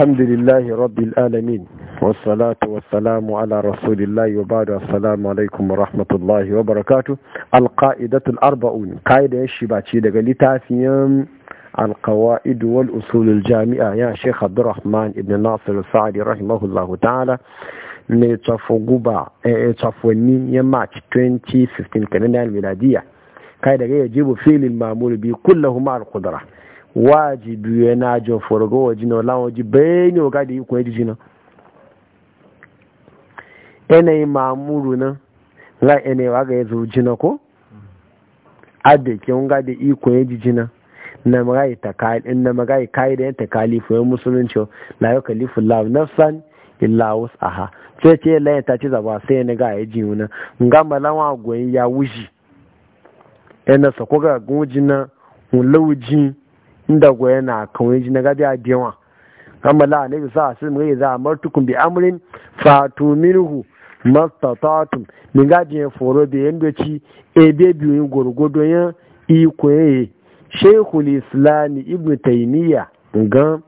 الحمد لله رب العالمين والصلاة والسلام على رسول الله وبعد السلام عليكم ورحمة الله وبركاته القائدة الأربعون قائدة الشباتي لغلتافيا القوائد والأصول الجامعة يا شيخ عبد الرحمن ابن ناصر السعدي رحمه الله تعالى mai tsafonni ya march 2015 كنان miladiya قائدة يجيب فيل المامول mamuru bi kullahuma al wajibi ya na ajọ forogo waje na ọla waje bai ne oga da ikon ejiji na yanayi na za waga na ko adake nga da ikon ejiji na na magayi kayi da yan takalifu yan musulunci na. yau kalifu la nafsan illa aha ta na ga ya ji wuna nga ya wuji ga inda goya na kawai ji na gabi a biyawa amma la annabi sa su mu yi za amartukum bi amrin fatu minhu mastatatum min gaji ya foro bi yanda ci e be biyu gurgudo ya iko yayi shaykhul islam ibnu taymiya ga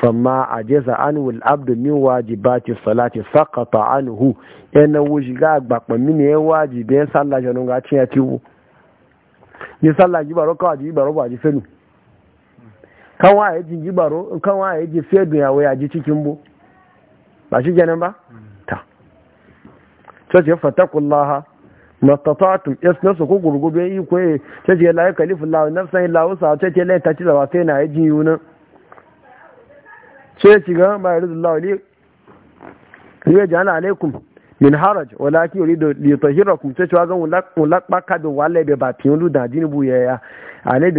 fama ajaza anhu al-abd min wajibati salati saqata anhu yana e wujiga agbapa min e wajibi en sallajo nga ti atiwu ni sallaji baro ka wajibi baro wajibi fenu kan waye ji jibaro kan waye ji fedu ya waya ji cikin bu ba shi kenan ba ta sai ce fatakullaha mastata'tum yasnasu ku gurgube yi ko sai ce la yakalifu Allah nafsan illa wusa sai ce la ta ci da wasu na yaji yuna sai ci ga ba yarda Allah ne ya jana alaikum min haraj walaki yuridu li yutahhirakum sai cewa zan ulakpa kada wale be batin lu da dini buya yaya ale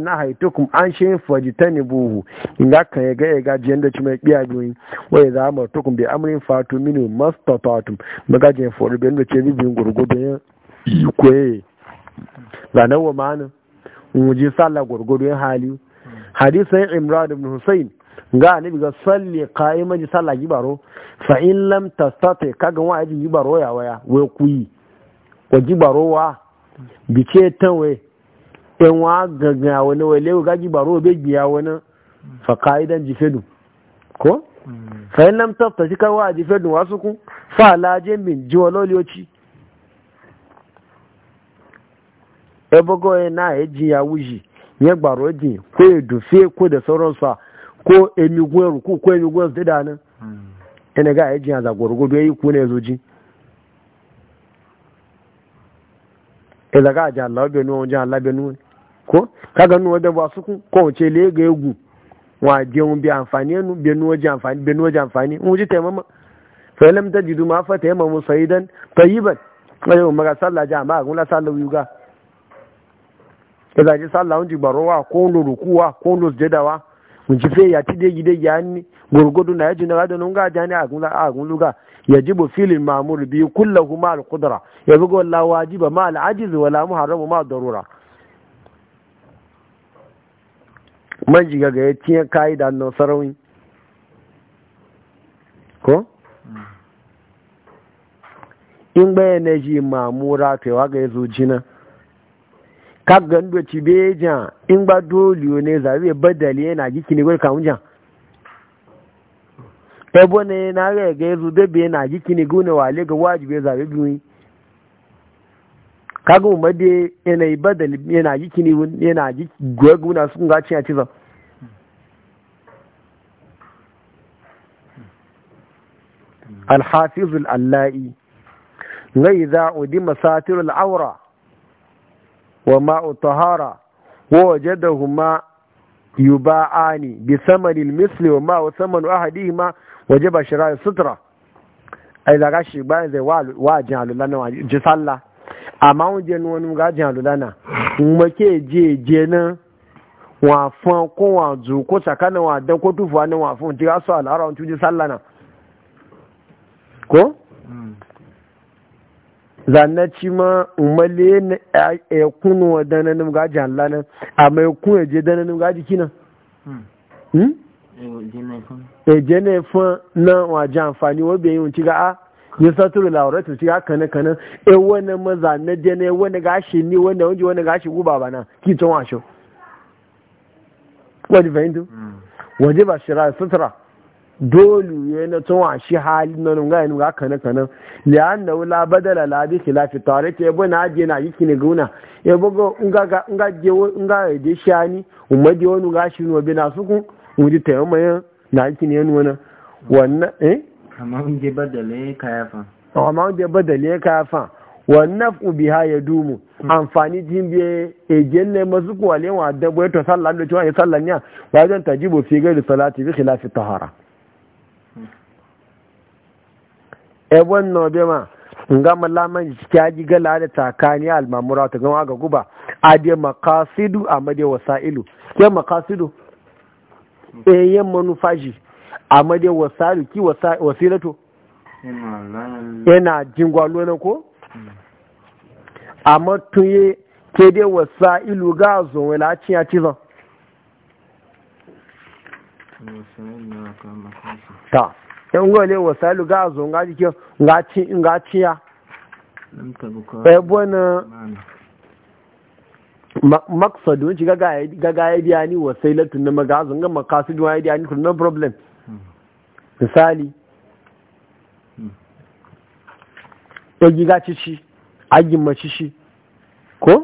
na haitukum an shin fajitani buhu inga kan ga ga jiyan da biya doyin wa iza amartukum bi amrin fatu minu mastatatum maga jiyan foru be ndo cebi bin gurgudu ya koye zanan wa mu ji hali imran ibn husayn ga annabi ga salli qa'iman ji sallah gibaro fa in lam tastati kaga wa ji gibaro ya waya we kuyi ko gibaro wa bice tanwe en wa gaga wani wale ga gibaro be biya wani fa qa'idan ji fedu ko fa in lam tastati kaga wa ji fedu wasu ku fa la jimin jiwaloliyoci ebogo e na eji ya wuji ya gbaro e ji ko edu fe ko da sauransa ko emigun ruku ko emigun su da nan ina ga yaji e ya zagorgo da e yi kuna ya zo ji e daga ja Allah be no ja Allah be no ko kaga no da ba su ku ko ce le ga egu wa je un bi amfani nu be no ja amfani be no ja amfani mu ji taimama fa lam tajidu ma fa taimama sayyidan tayyiban kai mu ga sallah jama'a kun la sallah yuga kaza ji sallah un ji e barowa ko lu rukuwa ko lu sujadawa nci fe ya ti deji ya hannu gurgudu na yaji na gadon nga jani a gun luga ya jibu filin mamur biyu kulla kuma al-kudura ya buga wala wajiba ma al-ajiz wala muharramu ma darura man jiga ga ya ciye kayi da annan ko in bayyana ji mamura kaiwa ga ya zo jina kagan do ci be jan in ba doliyo ne be badali yana giki ne gwai kawun jan bone na ga ga zu de be na giki ne gune wale ga za be biyu kaga mu made yana badali yana giki ne yana giki gwaguna sun ga ciya ciza الحافظ اللائي غيظ ودي masatirul awra wa ma'u tahara wa wajadahuma yuba'ani bi samanil misli wa ma ma'u ma ahadihima wajaba shira'i sutra ai daga shi bayan zai wa jin na wa ji sallah amma wọn jẹ nuwanu ga jin alulana na, ke je je na wa fun ko wa zu ko sakana wa dan ko tufu wa na wa fun ti ga so alara on ji sallah na ko hmm. zanaci ma umale ya e, kunu wa dananin gaji Allah nan amma ya e e je yaje dananin gaji kina ya je na ifo na ji amfani wa bai yi ga a ya satura lauratu ci ga kana kana e wani ma na je ne wani gashi ni wani wani wani gashi guba na ki tun hmm. shi wani fahimtu Wani ba shira sutura dole ya na tun shi hali na nunga ya nunga kanan kanan liyan da wula badala labi khilafi tare ta yabo na ajiye na yiki ne guna ya bugo nga ga nga je nga ya de shani umadi wonu ga shi no bina suku wuri ta yamma ya na yiki ne nuna wannan eh amma un je badale kayafa amma un je badale kayafa wannan ha ya dumu amfani jin biye ejen ne masu lewa da dabbai to sallan da cewa ya sallan ya wajen tajibu fi gari salati bi khilafi tahara ebon eh, be ma nga malaman jiki ya ji gala da takani almamura ta gama ga guba a maqasidu amade wasa'ilu ke makasidu eh, E yan manufaji amade wasa'ilu ki wasilatu yana jingwalo na ko amma tuye ke dai wasa'ilu ga zo wala ciya cizon ta yan gole wasalu ga zo eh, hmm. hmm. ga jike ga ci ga ci ya bai bona maksadu ci ga ga ya biya ni wasailatun na magazin ga makasidu ya biya ni no problem misali ya ga ci ci agin maci shi ko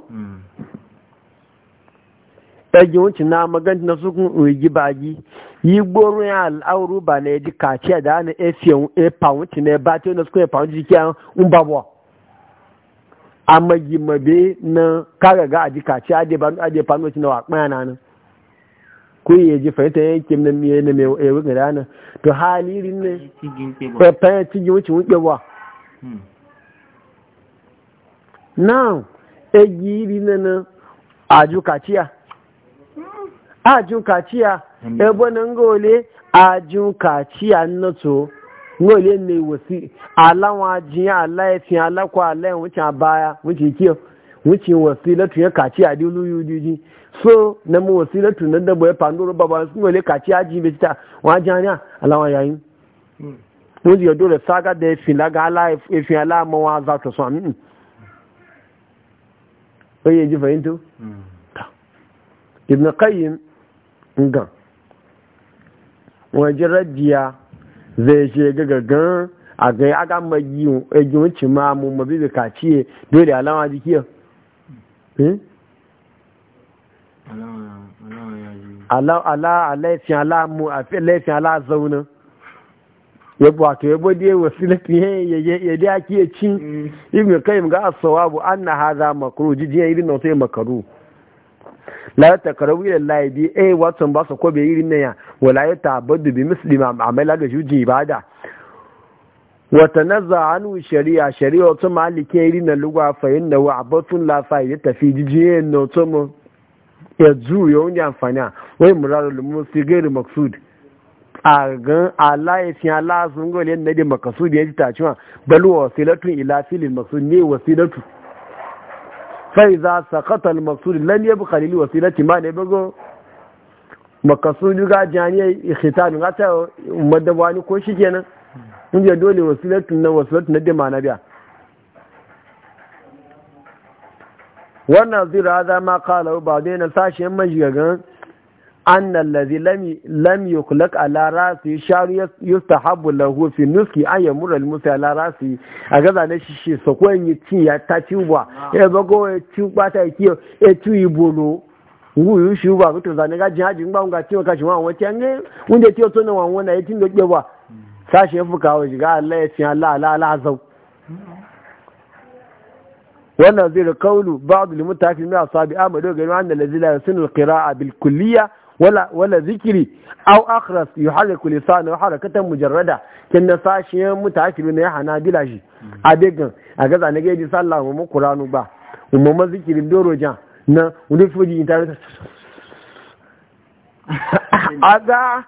ya gi wancin na maganci na sukun uyi gi bagi yi gboro ya al'auru ba na yaji kaciya da ana efiye epa wuce na ba ta yana suka epa wuce jiki an babwa amma yi mabe na kaga ga aji kaciya ade ba ade pa wuce na wa kpaya na nan ko yi yaji fahimta ya kim na miye na mai ewe ga dana to halirin ne pepa ya cigin wuce wuce wa hmm. now egi iri na na aju kaciya ajun kaciya ebo na ngole ajun kaciya nnoto ngole ne ala alawa ajiya ala efin alakwa ala enwucin abaya wuce kiyo wuce letu ya kaciya di ulu yujuji so na mu letu na dabo ya pandoro baba ngole kaciya ji be ta wa janya alawa yayin mo hmm. di odo re saga de efin laga ala efi e ala mo wa za to so amin hmm. oye ji fahimto hmm. ibn qayyim ngan wajen rajiya zai ce gagagan a gai aga yi egiwon ma mu mabi da kaciye dole alama jikiya ala alaifin ala mu a laifin ala zauna yabo wato yabo dai wasilati ya dai ake cin ibn kayyim ga as-sawabu anna hadha makruh jidiya irin nautai makaru la ta karawi da bi a eh, watan ba su ko bai irin nan ya wala ya tabaddu bi muslima amala ga juji ibada wa tanazza anu shari'a shari'a to malike irin na lugwa fa inna wa abatun la fa ya tafi jiye nan to mu ya zu yo ni amfani wai murarul musigir maksud a gan Allah ya fi sun gole na da makasudi ya ji tacewa bal wasilatun ila filil maksud ne wasilatu fai za sakata al-maksud lan yabqa lil wasilati ma ne bago makasudu ga janiya khitan ga ta ummada wani ko shi kenan in ya dole wasilatu na wasilatu na da mana biya wannan zira za ma kala ba dai na sashen shiga majigagan أن ladhi لم yuklaq ala rasi sharu yustahabu lahu fi nuski an yamura al musa ala rasi a gaza ne shi shi so ko ta wu yu shi wa ko zane ga jin haji ngba ngati o ka shi wa won ti an unde ti o to na won na e do je wa sa she fu ka o shi ga ala e ala ala ala azau wannan zai da kaulu ba'd lil mutakallimin asabi amado ga wannan lazila sunul qira'a bil kulliyah wala wala zikiri aw akhras yuhaliku lisanu harakatan mujarrada kin na sashiyan na ne hana bilashi mm. adegan a gaza ne gaji sallah mu qur'anu ba mu ma doro doroja na wani fuji A aga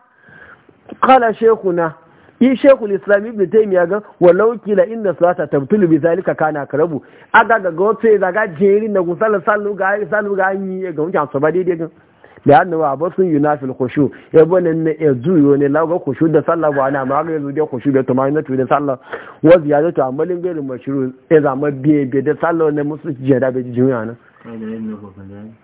kala shekuna, yi shekul islam ibn taymiya ga walau kila inna salata tabtulu bi zalika kana karabu aga ga gote daga jeri na gusala sallu ga sallu ga yi ga wancan so ba daidai ga da hannu ba ba sun yi na fil kushu ya bane na ya zuyo ne lagos kushu da sallah ba na ma ga zuwa kushu da tuma na da sallah wa ziyara ta amalin gairin mashiru ya zama biye biye da sallah ne musu jiya da bai jiya na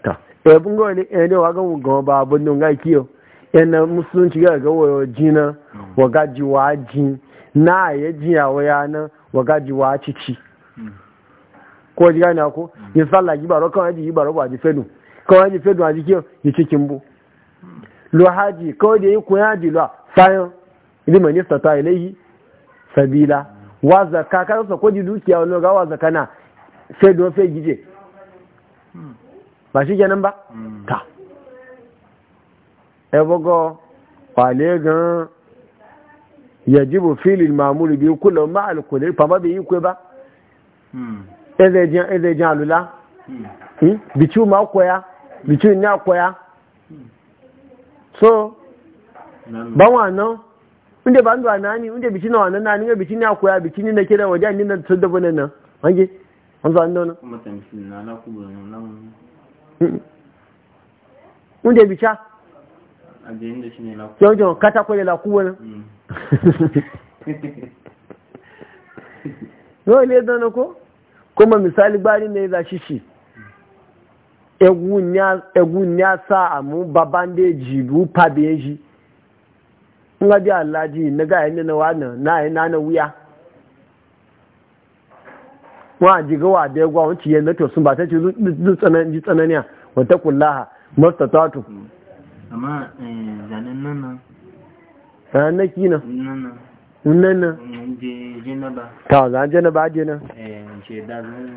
ta ya bun go ne ya ne wa ga gawa ba abin nun ga kiyo ya na yana musulunci ga ga wayo jina wa gaji wa ji na ya jiya wa na wa gaji wa cici mm. ko ji gani ako mm. yin sallah ji baro kan ji baro ba ji fenu kawai ji fedu a jiki yi cikin bu lo haji kawai da yi kun haji lo fayan liman yasta ta ilaihi sabila wa zakka ka sa ko di dukiya wani ga wa zakka na fedu fe gije ba shi kenan ba hmm. ta e bogo wale gan yajibu filin mamuri biyu kullum ma alkulil fa ba bai yi kwe ba ezejen alula bicu ma koya between ni koya so ban wannan inda ba da na ni inda bikin na wannan na ni bikin ya koya bikin ne kira waje ni na tsada da bunan nan hange an zo an dona kuma tantin na na ku bunan nan inda bicha ajin da shi na ku yau jon kata ko la ku wannan no le dana ko kuma misali bari ne za shi shi Egwu ya sa amu baban da ji rufa da ya ji nga bi alaji na ga yin na wani na yi na wuya wa ji ga wa da gwa wanci yana to sun ba ta ce zu tsanani ji tsananiya wa ta kullaha mastatatu amma zanen nan nan ran na ki nan nan nan nan je jenaba ta zan jenaba je nan eh je da zan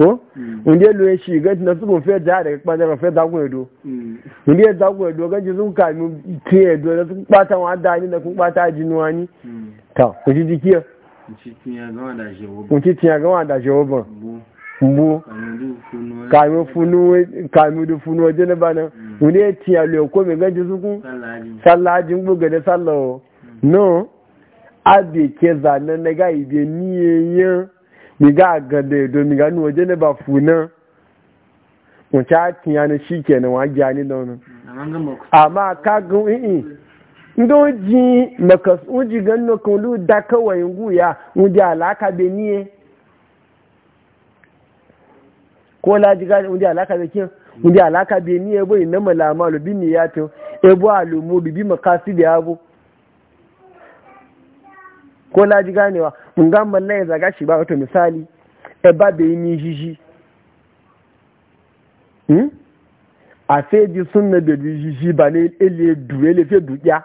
ko inda mm. ya luye shi ganci na sukun fiye ya daga kpanar fiye dagun edo mm. inda e ya dagun edo ganci sun kami ke edo na sun kpata wa da ni na sun kpata jinuwa ni mm. ta kuci jikiya kuci tiya gama da shewa ban mbu kami du funu waje e, e na bana inda ya tiya luye ko mai ganci sukun sallajin buga gade sallawo no abe ke zanen na ga ibe niyanyen miga agada do miga nu waje ne ba funa mun ta tiya ne shikenan wa ja ni amma ka gun i ndo ji makas uji ganno lu da kawai nguya uji alaka be ni ko la ji gani uji alaka be kin uji alaka be ni bo inna malama lu ya to e bo alumu bi makasi da abu ko ji ganewa in ga man ya zaga shi ba wato misali e ba yi ni jiji hmm? a sai ji sunna be jiji ba ne ele du ele fe dukiya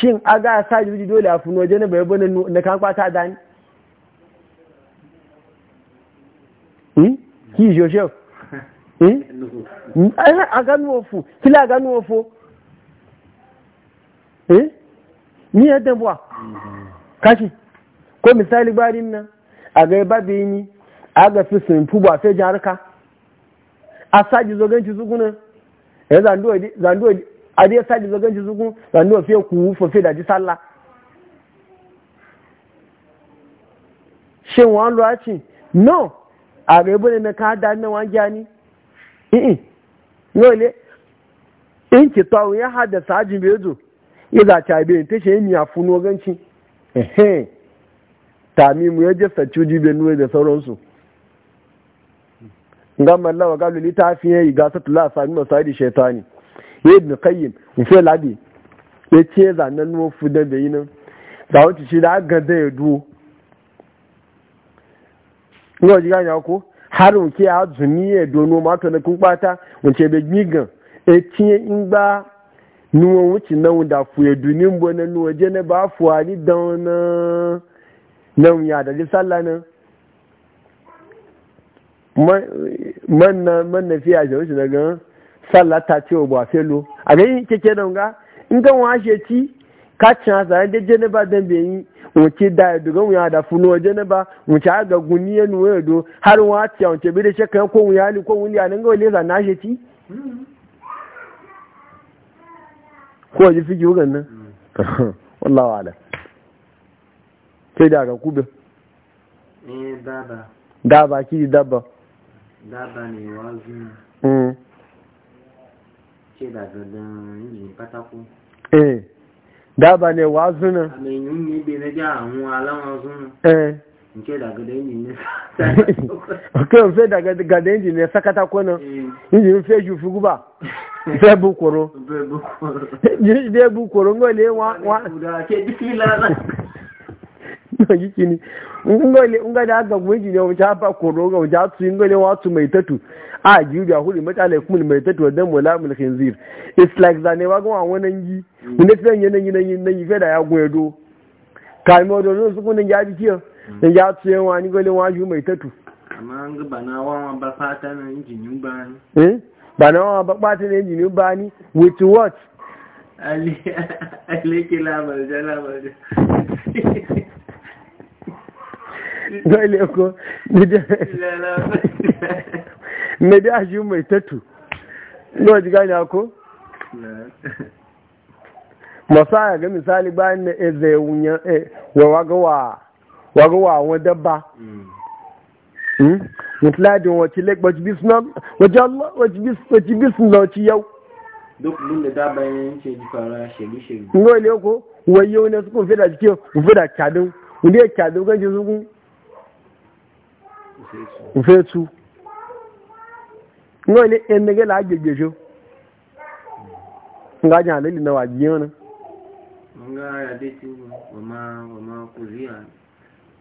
shin ga sa jiji dole a funo je bai bane na kan kwata da ni hmm? ki joseph hmm eh, a ga nuwo fu kila ga fu eh hmm? ni yadda buwa kashi ko misali barin nan a ga babu ni a ga fi sun fi ba sai jarka a saji zoganci zuguna eh, ya zanduwa zanduwa a dai saji zoganci zugun zanduwa fiye ku fafe da ji sallah shin wani lwaci no a ga ibi na ka da na wan gani i'in yau ne in ki tawun ya haddasa ajin bezo ya zaci abin ta shi miya funo ganci mu yaje ya jasa cuji benuwe da sauransu ga mallawa galu littafi ya yi gasa tula sami masari shaitani ya ibn qayyim fi ladi ya ce nan nuwa fu da yi nan za wuce shi da aka da ya duwo ina wajen gani ko har wuke a zuni ya dono mata na kun kwata wace bai gigan ya e cinye in ba nuwa wuce nan da fuye dunin bane nuwa je ba fuwa ni da wani nan ya da ji sallah nan man na fiya da wuce daga sallah ta ce wa ba felo a ganin keke nan ga in kan washe ci ka cin hasa da je ba dan bai yi wuce da ya dugan ya da funo waje na ba wuce a ga guni ya nuwa ya do har wace a wuce bi da shakka ko wuya ni ko wuya nan ga wale za na shi ci ko ji fiki wugan nan mm. wallahu ala sai da ga kube eh daba daba ki daba daba ne wazi mm ce da gadan yin patako eh daba ne wazi na amen yin ne be na ja àwọn alama sun eh nke daga da injin ne sakata kwanan injin fe ju fi guba fe bu koro fe bu koro ngole wa wa na jiki ne ngole nga da ga gwaji ne wata ba koro ga wata su ngole wa su mai tatu a jiya huri le kuma mai tatu dan mula mul khinzir it's like zane wa gwa wannan yi wanda mm. tsan yanayi nan yi nan yi fe da ya gwedo kai mo do su kunin ya ji kiyo na ya tuye wa wani gwalin waju mai tatu amma an ga bana wawa ba fata na ba ni eh bana ba fata na ba ni with what ali ali kila ko da mai tatu ji gani ko masaya ga misali bayan na eze wunya eh wa wa waruwa wa àwọn dabba mutuladin hmm? wace lake wace bisnan wace bisnan wace yau duk da dabba yanke ji fara shege-shege ngo ile ko wayo ne suka fi da jike fi da kadin wanda ya kadin ganji zugun fe su ngo ile yan nage la agbegbe so nga jan halali na wajiyan nan nga ya dai ti wa ma wa ma kuriya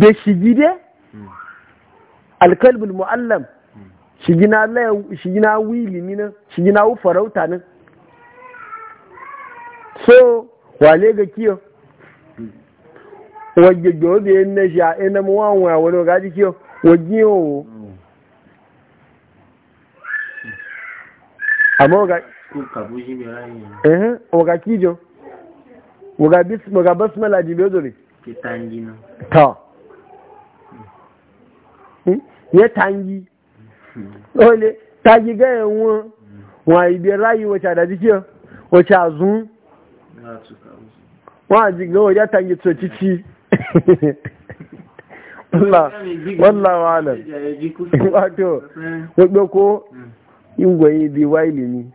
da shigi dai alkalbul mu'allam shigi na wili ni nan shigi na wu farauta nan so wale ga kiyo wajen gobe yin na sha ina muwan wa wani gaji kiyo wajen yowo amma waga waga kijo waga basmala jibe zuri ta ya tangi dole tagi ga yawon wa ibe rayu wacce da jikiya wacce a zun wa jiga wajen tangi tsotici wallawa alam wato wadda ko ingwaye bi wa ilimi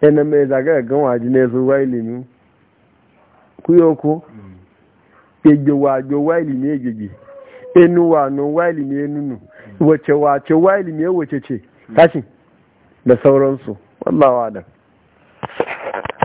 yana mai zagaya gan waje na yaso wa ilimi kuyoko egbe wajo wa ilimi egbe enu wa no wa ilimi enunu wace wace wa ilimiyar wace ce tashi da sauransu wallawa adam